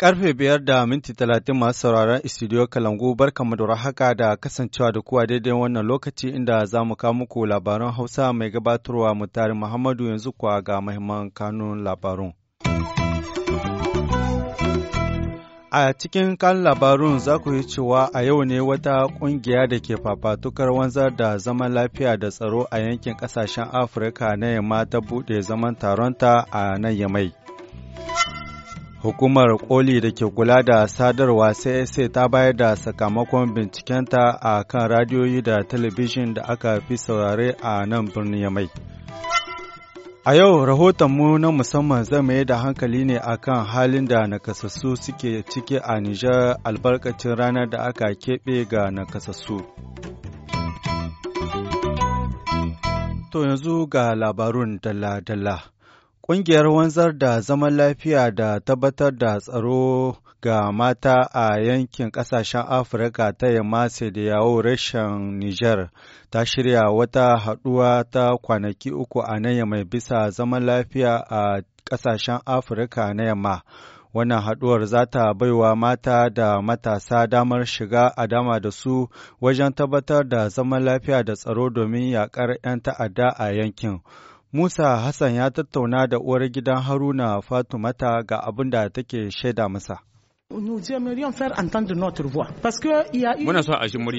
Karfe biyar da minti talatin masu sauraron studio Kalangu barkanmu da haka da kasancewa da kuwa daidai wannan lokaci inda za mu kawo muku labaran Hausa mai gabatarwa mutare Muhammadu yanzu kuwa ga mahimman kanun labarun. A cikin kan labarun za ku yi cewa a yau ne wata ƙungiya da ke fafatukar wanzar da zaman lafiya da tsaro a yankin ƙasashen Afirka na yamma ta buɗe zaman taronta a nan yamai. Hukumar koli da ke kula da sadarwa sai ta bayar da sakamakon bincikenta a kan radiyoyi da talabijin da aka fi saurare a nan birnin Yamai. A yau rahotonmu na musamman zai mai da hankali ne akan halin da nakasassu suke ciki a Nijar albarkacin ranar da aka keɓe ga nakasassu. To yanzu ga labarun dala-dala, Ƙungiyar wanzar da zaman lafiya da tabbatar da tsaro ga mata a yankin ƙasashen Afirka ta yamma da yawo rashin Nijar ta shirya wata haɗuwa ta kwanaki uku a nan mai bisa zaman lafiya a ƙasashen Afirka na yamma. wannan haɗuwar za ta baiwa mata da matasa damar shiga a dama da su wajen tabbatar da zaman lafiya da tsaro domin yaƙar 'yan ta'adda a yankin. Musa Hassan ya tattauna da uwar gidan Haruna Fatumata ga abin da take shaida masa. Muna so a shi mu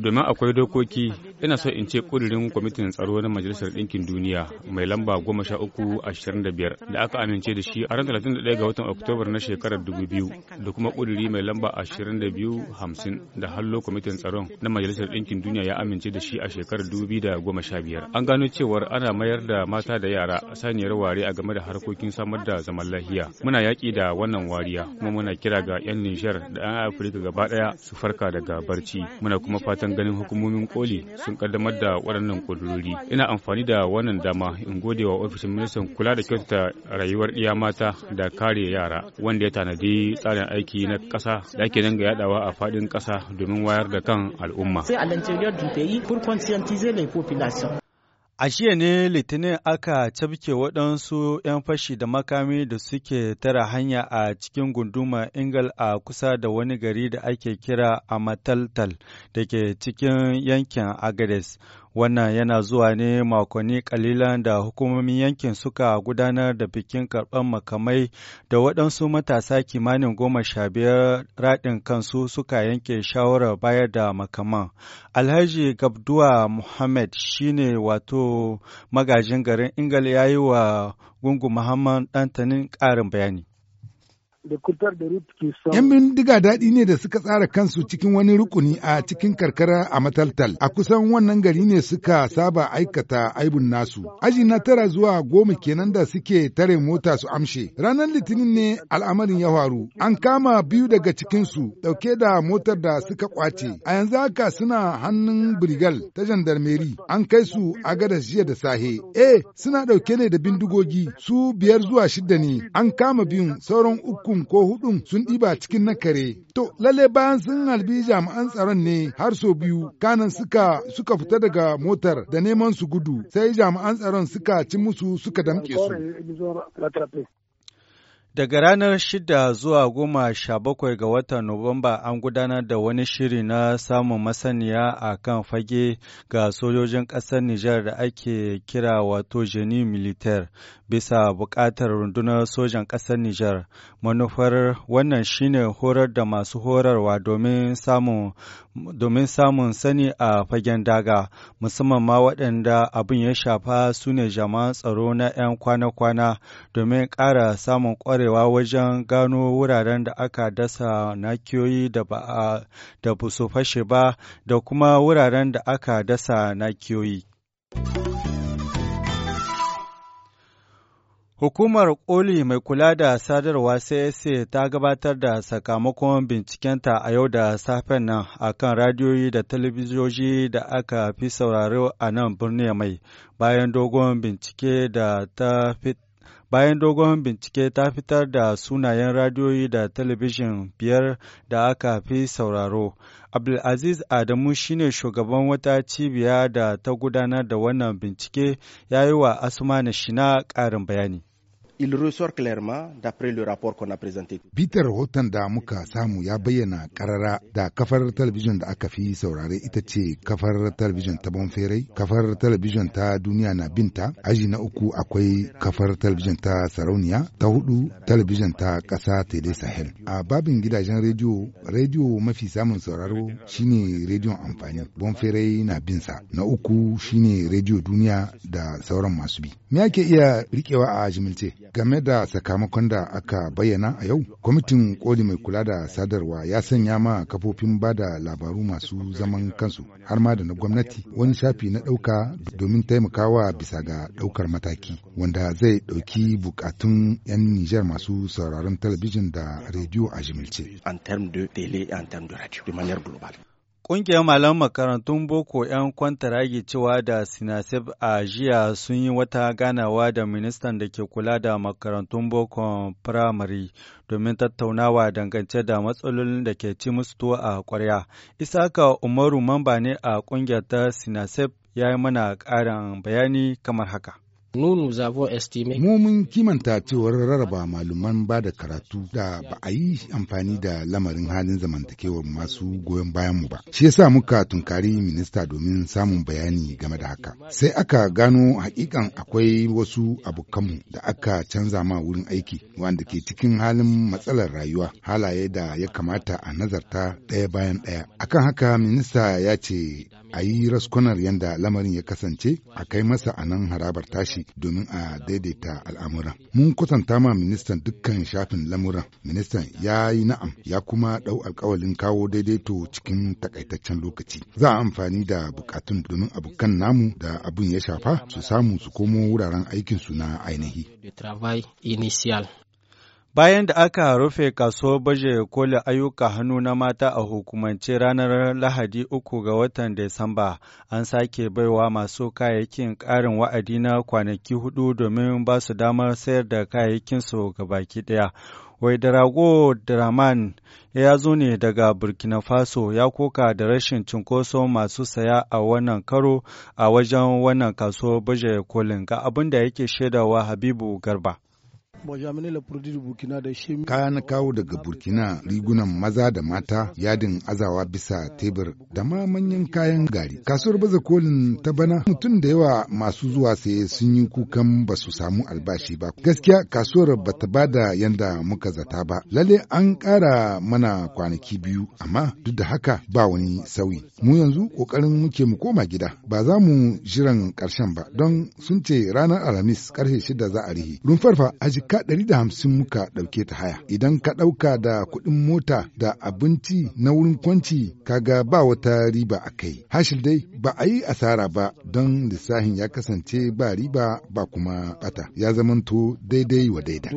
domin akwai dokoki ina so in ce ƙudurin kwamitin tsaro na Majalisar Ɗinkin Duniya mai lamba goma sha da aka amince da shi a ran talatin da ga watan Oktobar na shekarar dubu biyu da kuma ƙuduri mai lamba ashirin da biyu da hallo kwamitin tsaron na Majalisar Ɗinkin Duniya ya amince da shi a shekarar 2015. biyar. An gano cewar ana mayar da mata da yara saniyar ware a game da harkokin samar da zaman lafiya. Muna yaƙi da wannan wariya kuma muna kira ga ga 'yan Nijar da 'yan Afirka gaba ɗaya su farka daga barci. Muna kuma fatan ganin hukumomin koli sun kaddamar da waɗannan ƙudurori. Ina amfani da wannan dama in gode wa ofishin ministan kula da kyautata rayuwar iya mata da kare yara wanda ya tanadi tsarin aiki na ƙasa da ake nan ga yadawa a faɗin ƙasa domin wayar da kan al'umma. sai a A jiya ne Litinin aka cafke waɗansu ‘yan fashi da makami da suke tara hanya a cikin gunduma Ingal a kusa da wani gari da ake kira Amataltal da ke cikin yankin Agades. Wannan yana zuwa ne makonni kalilan da hukumomin yankin suka gudanar da bikin karɓar makamai da waɗansu matasa kimanin goma sha biyar raɗin kansu suka yanke shawarar bayar da makaman. Alhaji Gabduwa Muhammad shine wato magajin garin Ingal ya yi wa Gungu Muhammad Dantanin ƙarin bayani. Yan bindiga daɗi ne da suka tsara kansu cikin wani rukuni a cikin karkara a mataltal. A kusan wannan gari ne suka saba aikata aibun nasu. Aji na tara zuwa goma kenan da suke tare mota su amshe. Ranar Litinin ne al'amarin ya faru. An kama biyu daga cikinsu ɗauke da motar da suka kwace. A yanzu haka suna hannun Birigal ta jandarmeri. An kai su a gadas jiya da sahe. Eh, suna ɗauke ne da bindigogi. Su biyar zuwa shida ne. An kama biyun sauran uku ukun ko hudun sun ɗiba cikin na kare. To lalle bayan sun halbi jami'an tsaron ne har sau biyu kanan suka suka fita daga motar da neman su gudu sai jami'an tsaron suka ci musu suka damƙe su. Daga ranar shida zuwa goma sha bakwai ga watan Nuwamba an gudanar da wani shiri na samun masaniya a kan fage ga sojojin ƙasar Nijar da ake kira wato Jeni Militaire. bisa buƙatar rundunar sojan ƙasar Nijar. Manufar wannan shine horar da masu horarwa domin samun sani a fagen daga musamman ma waɗanda abin ya shafa su ne jama'an tsaro na 'yan kwana-kwana domin ƙara samun ƙwarewa wajen gano wuraren da aka dasa nakiyoyi da ba su fashe ba da kuma wuraren da aka dasa nakiyoyi. Hukumar Koli mai kula da sadarwa CSA ta gabatar da sakamakon bincikenta a yau da safen nan a kan radiyoyi da talabijoji da aka fi sauraro a nan birni mai bayan dogon bincike ta fitar da sunayen radiyoyi da talabijin biyar da aka fi sauraro. Abdulaziz Adamu shine shugaban wata cibiya da ta gudanar da wannan bincike ya yi wa Asuma Shina ƙarin bayani. il ressort clairement d'après le rapport qu'on a présenté. Bitar rahoton da muka samu ya bayyana karara da kafar talabijin da aka fi saurare ita ce kafar talabijin ta Bonferai, kafar talabijin ta Duniya na Binta, aji na uku akwai kafar talabijin ta Sarauniya, ta hudu talabijin ta ƙasa Tele Sahel. A babin gidajen rediyo, rediyo mafi samun sauraro shine rediyon amfani, Bonferai na binsa, na uku shine rediyo Duniya da sauran masu bi. Me ake iya rikewa a jimilce? Game da sakamakon da aka bayyana a yau, kwamitin koli mai kula da sadarwa ya sanya ma kafofin ba da labaru masu zaman kansu har ma da na gwamnati wani shafi na ɗauka domin taimakawa bisa ga ɗaukar mataki wanda zai ɗauki bukatun 'yan Nijar masu sauraron talabijin da rediyo a jimilce. Ƙungiyar malaman makarantun Boko 'yan kwantaragi cewa da Sinasef a jiya sun yi wata ganawa da ministan da ke kula da makarantun Boko firamare domin tattaunawa dangance da matsalolin da ke ci musu tuwo a ƙwarya. Isaka Umaru mamba ne a ƙungiyar ta Sinasef ya yi mana ƙarin bayani kamar haka. Mu mun kimanta cewar rarraba malaman ba da karatu da ba a yi amfani da lamarin halin zamantakewar masu goyon bayan mu ba. Shi yasa muka tunkari minista domin samun bayani game da haka. Sai aka gano hakikan akwai wasu abokanmu da aka canza ma wurin aiki wanda ke cikin halin matsalar rayuwa halaye da ya kamata a nazarta ɗaya bayan ɗaya. Akan haka minista ya ce a yi raskunar yadda lamarin ya kasance a kai masa a nan harabar tashi domin a daidaita al'amuran. Mun kusanta ma ministan dukkan shafin lamuran. Ministan ya yi na'am ya kuma ɗau alkawalin kawo daidaito cikin takaitaccen lokaci. Za a amfani da bukatun domin abokan namu da abun ya shafa su samu su komo wuraren aikinsu na ainihi. Bayan da aka rufe kasuwar baje koli ayyuka hannu na mata a hukumance ranar Lahadi uku ga watan Desamba, an sake baiwa masu kayayyakin ƙarin wa'adi na kwanaki hudu domin ba su damar sayar da kayayyakinsu ga baki ɗaya. rago Draman ya zo ne daga Burkina Faso ya koka da rashin cinkoso masu saya a wannan karo a wajen wannan kasuwar baje kolin ga abin da yake shaidawa Habibu Garba. Kayan kawo daga Burkina rigunan maza da mata yadin azawa bisa tebur da ma manyan kayan gari. Kasuwar baza kolin ta bana mutum da yawa masu zuwa saye sun yi kukan ba su samu albashi ba. Gaskiya kasuwar ba da bada yanda muka zata ba. Lalle an kara mana kwanaki biyu amma duk da haka ba wani sauyi. Mu yanzu ƙoƙarin muke mu koma gida ba za mu jiran ƙarshen ba don sun ce ranar Alhamis karfe shida za a rihe. Rumfarfa aji ka ɗari da hamsin muka ɗauke ta haya idan ka ɗauka da kuɗin mota da abinci na wurin kwanci kaga ba wata riba a kai hashil dai ba a yi asara ba don lissahin ya kasance ba riba ba kuma bata ya zamanto daidai wa daida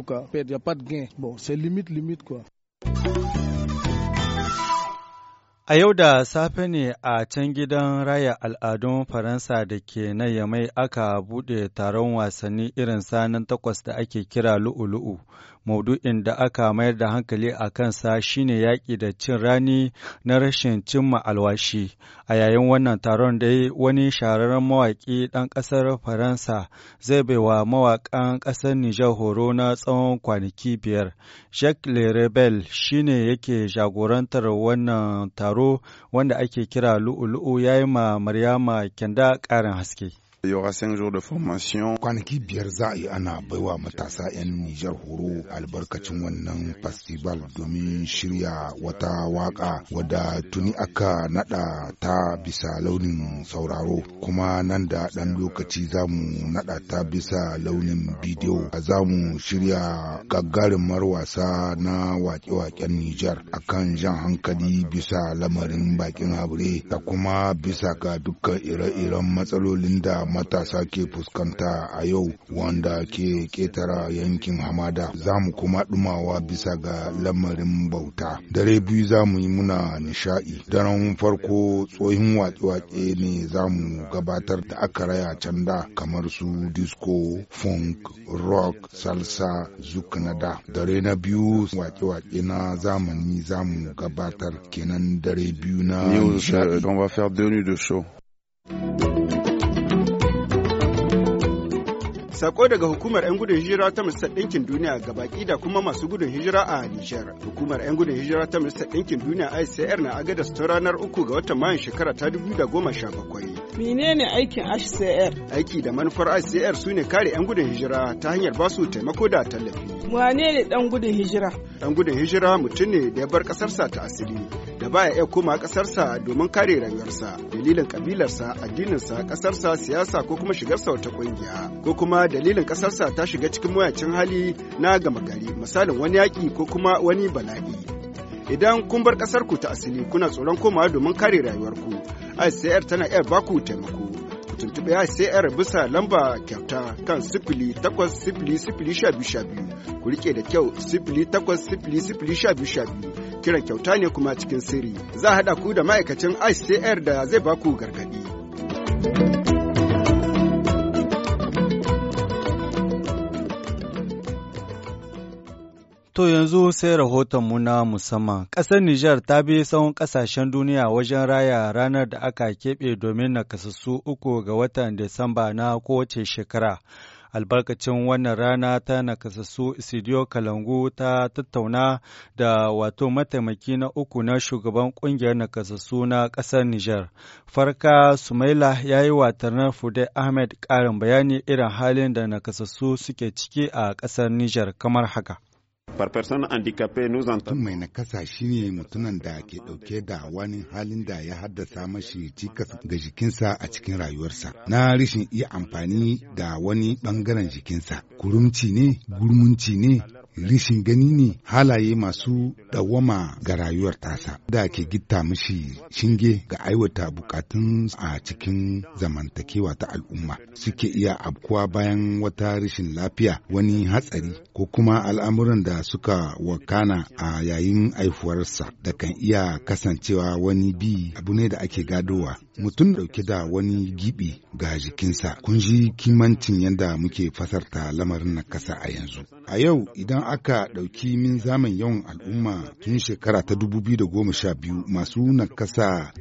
A yau da safe ne a can gidan raya al'adun Faransa da ke na Yamai aka buɗe taron wasanni irin sanin takwas da ake kira lu'u-lu'u, maudu'in da aka mayar da hankali a kansa shine yaƙi da cin rani na rashin cimma alwashi. A yayin wannan taron dai wani shahararren mawaƙi ɗan ƙasar Faransa zai bai wa mawaƙan ƙasar Nijar horo na tsawon kwanaki biyar. Jacques Le Rebel shine yake jagorantar wannan taro wanda ake kira lu'u-lu'u ya yi ma Maryama kyanda ƙarin haske. Il y aura cinq jours de formation. Kwanaki biyar za a yi ana baiwa matasa 'yan Nijar horo albarkacin wannan festival domin shirya wata waka wadda tuni aka nada ta bisa launin sauraro kuma nan da ɗan lokaci za mu nada ta bisa launin bidiyo za mu shirya gaggarin wasa na wake-waken Nijar akan jan hankali bisa lamarin bakin habire da kuma bisa ga dukkan ire-iren matsalolin da matasa ke fuskanta a yau wanda ke ƙetara yankin hamada za mu kuma dumawa bisa ga lamarin bauta dare biyu za mu yi muna nishaɗi daren farko tsohin wake waƙe ne za mu gabatar da aka raya can da kamar su disco funk rock salsa zuk dare na biyu wake-wake na zamani za mu gabatar kenan dare biyu na nishaɗi. Euh, Sako daga hukumar 'yan gudun hijira ta Mista Ɗinkin Duniya ga baki da kuma masu gudun hijira a Nijar. Hukumar 'yan gudun hijira ta Mista Ɗinkin Duniya ICR na su ta ranar uku ga watan mayan shekara ta da goma sha bakwai. Menene aikin ICR? Aiki da manufar ICR su ne kare 'yan gudun hijira ta hanyar ba su taimako da tallafi. Wane ne ɗan gudun hijira? Ɗan gudun hijira mutum ne da ya bar ƙasarsa ta asali. da baya iya koma ƙasarsa domin kare rangarsa dalilin ƙabilarsa addininsa ƙasarsa siyasa ko kuma shigarsa wata ƙungiya ko kuma dalilin ƙasarsa ta shiga cikin mayacin hali na gama gari misalin wani yaƙi ko kuma wani bala'i idan kun bar ƙasarku ta asali kuna tsoron koma domin kare rayuwarku ICR tana iya baku taimako ku tuntuɓe ICR bisa lamba kyauta kan sifili takwas sifili sifili sha biyu sha biyu ku riƙe da kyau sifili takwas sifili sifili sha biyu sha biyu Kira kyauta ne kuma cikin sirri. Za a haɗa ku da ma'aikacin ICR da zai ba ku gargaɗi. To yanzu sai rahoton mu na musamman. Ƙasar Nijar ta bi tsawon ƙasashen duniya wajen raya ranar da aka keɓe domin nakasassu uku ga watan Disamba na kowace shekara. albarkacin wannan rana ta nakasassu isidiyo kalangu ta tattauna da wato mataimaki na uku na shugaban kungiyar nakasassu na ƙasar Nijar. Farka Sumaila ya yi wa Fude Ahmed ƙarin bayani irin halin da nakasassu suke ciki a ƙasar Nijar kamar haka. Par personne handicapée nous entend. mai nakasa shine mutumin da ke dauke da wani halin da ya haddasa mashi cikas ga jikinsa a cikin rayuwarsa. Na rishin iya amfani da wani bangaren jikinsa. Kurumci ne, gurmunci ne, rishin gani ne halaye masu dawama ga rayuwar tasa da ke gitta mishi shinge ga aiwata bukatun a cikin zamantakewa ta al'umma suke iya abkuwa bayan wata rishin lafiya wani hatsari ko kuma al'amuran da suka wakana a yayin aifuwarsa da kan iya kasancewa wani bi abu ne da ake gadowa mutum dauke da wani gibi ga jikinsa kun ji kimancin yadda muke fasarta lamarin na kasa a yanzu A yau idan aka ɗauki min zaman yawan al'umma tun shekara ta da sha biyu masu nakasa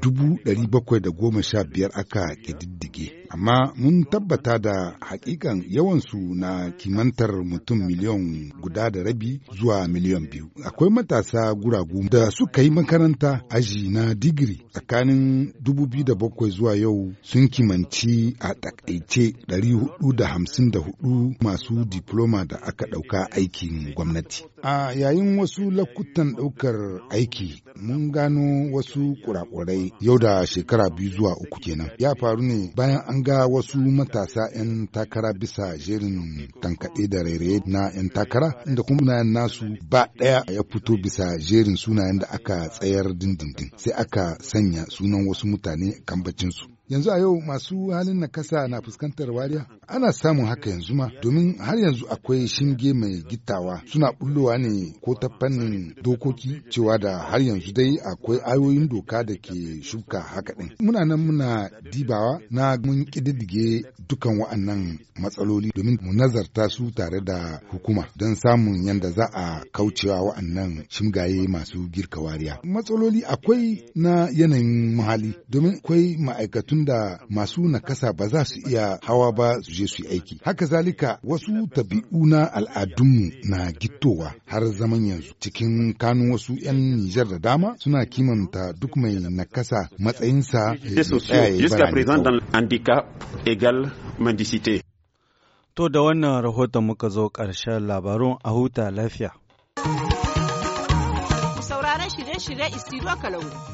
biyar aka ƙididdige. amma mun tabbata da hakikan yawansu na kimantar mutum miliyan guda da rabi zuwa miliyan biyu. Akwai matasa guragu da suka yi makaranta aji na digiri tsakanin 2007 zuwa yau sun kimanci a takaice 454 masu diploma da aka ɗauka aikin gwamnati. A yayin wasu lakutan ɗaukar aiki mun gano wasu kurakurai yau da shekara biyu zuwa uku kenan. Ya faru ne bayan an ga wasu matasa 'yan takara bisa jerin tankaɗe da rairaye na 'yan takara inda kuma nasu ba ɗaya ya fito bisa jerin sunayen da aka tsayar dindindin sai aka sanya sunan wasu mutane kambacinsu yanzu a yau masu halin na nakasa na fuskantar wariya ana samun haka yanzu ma domin har yanzu akwai shinge mai gittawa suna bullowa ne ko ta fannin dokoki cewa da har yanzu dai akwai ayoyin doka da ke shuka haka din muna nan muna dibawa na mun kididdige dukan wa'annan matsaloli domin mu nazarta su tare da hukuma don samun yadda za a kaucewa wa'annan shingaye masu girka wariya matsaloli akwai na yanayin muhalli domin akwai ma'aikatu tunda masu nakasa ba za su iya hawa ba su je su aiki. Haka zalika wasu tabi'u na al'adunmu na gittowa har zaman yanzu cikin kanun wasu 'yan Nijar da dama suna kimanta duk mai nakasa matsayinsa To da wannan rahoton muka zo karshen labarun a huta lafiya. Sauraron shirye-shirye Isiro Kalangu.